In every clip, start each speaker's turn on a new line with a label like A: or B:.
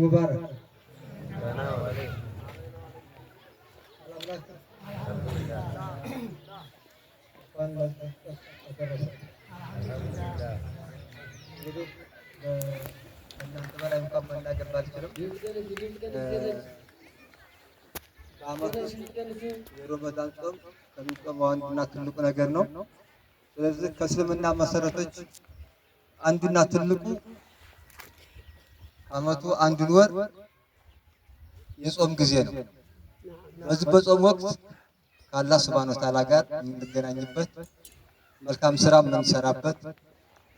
A: ሙባረክ እንግዲህ እናንተ በላይ እንኳን መናገር ባልችልም በዓመት ውስጥ የሮመዳን ጾም ከሚጾመው አንዱና ትልቁ ነገር ነው። ስለዚህ ከእስልምና መሰረቶች አንዱና ትልቁ አመቱ አንዱን ወር የጾም ጊዜ ነው። በዚህ በጾም ወቅት ከአላህ ሱብሃነሁ ወተዓላ ጋር የምንገናኝበት መልካም ስራ የምንሰራበት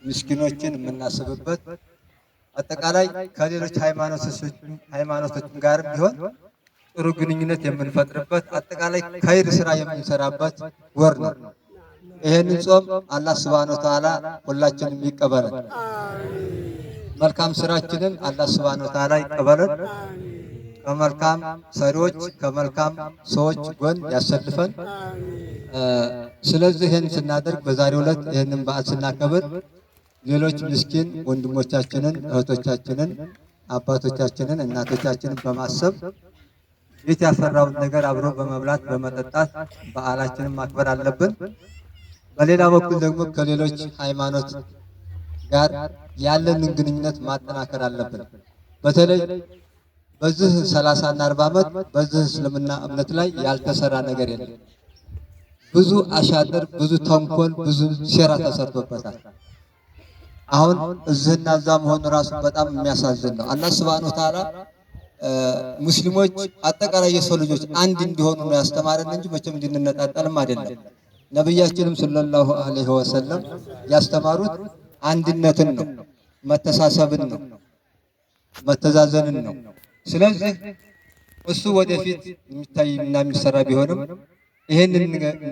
A: ምስኪኖችን የምናስብበት አጠቃላይ ከሌሎች ሃይማኖቶችም ጋርም ቢሆን ጥሩ ግንኙነት የምንፈጥርበት አጠቃላይ ከይር ስራ የምንሰራበት ወር ነው። ይህንን ጾም አላህ ስብሃነሁ ወተዓላ ሁላችንም ይቀበለን። መልካም ስራችንን አላህ ስብሃነሁ ወተዓላ ይቀበለን። ከመልካም ሰሪዎች ከመልካም ሰዎች ጎን ያሰልፈን። ስለዚህ ይህን ስናደርግ በዛሬው ዕለት ይህንን በዓል ስናከብር ሌሎች ምስኪን ወንድሞቻችንን፣ እህቶቻችንን፣ አባቶቻችንን፣ እናቶቻችንን በማሰብ ቤት ያፈራውን ነገር አብሮ በመብላት በመጠጣት በዓላችንን ማክበር አለብን። በሌላ በኩል ደግሞ ከሌሎች ሃይማኖት ጋር ያለንን ግንኙነት ማጠናከር አለብን። በተለይ በዚህ ሰላሳና አርባ ዓመት በዚህ እስልምና እምነት ላይ ያልተሰራ ነገር የለም። ብዙ አሻጥር፣ ብዙ ተንኮል፣ ብዙ ሴራ ተሰርቶበታል። አሁን እዚህና እዛ መሆኑ ራሱ በጣም የሚያሳዝን ነው። አላህ ሱብሃነሁ ወተዓላ ሙስሊሞች አጠቃላይ የሰው ልጆች አንድ እንዲሆኑ ነው ያስተማረን እንጂ መቼም እንድንነጣጠልም አይደለም። ነቢያችንም ሰለላሁ ዐለይሂ ወሰለም ያስተማሩት አንድነትን ነው፣ መተሳሰብን ነው፣ መተዛዘንን ነው። ስለዚህ እሱ ወደፊት የሚታይና የሚሰራ ቢሆንም ይህንን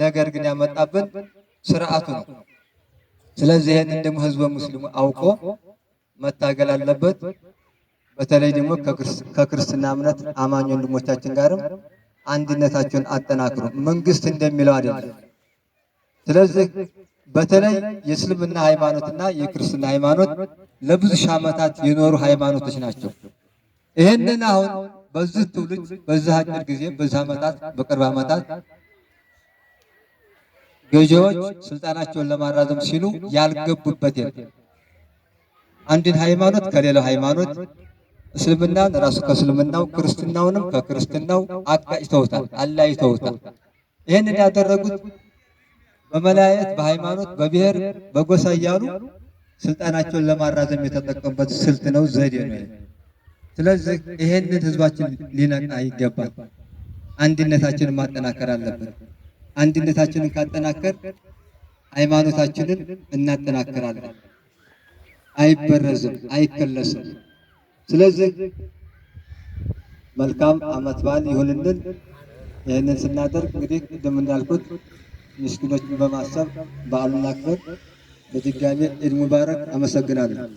A: ነገር ግን ያመጣብን ስርዓቱ ነው። ስለዚህ ይህንን ደግሞ ህዝበ ሙስሊሙ አውቆ መታገል አለበት። በተለይ ደግሞ ከክርስትና እምነት አማኝ ወንድሞቻችን ጋርም አንድነታቸውን አጠናክሩ። መንግስት እንደሚለው አይደለም ስለዚህ በተለይ የእስልምና ሃይማኖትና የክርስትና ሃይማኖት ለብዙ ሺህ ዓመታት የኖሩ ሃይማኖቶች ናቸው። ይህንን አሁን በዚህ ትውልድ በዚህ አጭር ጊዜ በዚህ ዓመታት በቅርብ ዓመታት ገዢዎች ስልጣናቸውን ለማራዘም ሲሉ ያልገቡበት የለም። አንድን ሃይማኖት ከሌላው ሃይማኖት እስልምናን ራሱ ከእስልምናው ክርስትናውንም ከክርስትናው አጋጭተውታል፣ አላይተውታል። ይህንን ያደረጉት በመለያየት በሃይማኖት በብሔር በጎሳ እያሉ ስልጣናቸውን ለማራዘም የተጠቀሙበት ስልት ነው፣ ዘዴ ነው። ስለዚህ ይሄንን ህዝባችን ሊነቃ ይገባል። አንድነታችንን ማጠናከር አለብን። አንድነታችንን ካጠናከር ሃይማኖታችንን እናጠናክራለን። አይበረዝም፣ አይከለስም። ስለዚህ መልካም አመት በዓል ይሁንልን። ይህንን ስናደርግ እንግዲህ ቅድም እንዳልኩት ምስኪኖችን በማሰብ በዓሉን አክብር። በድጋሚ ኢድ ሙባረክ። አመሰግናለሁ።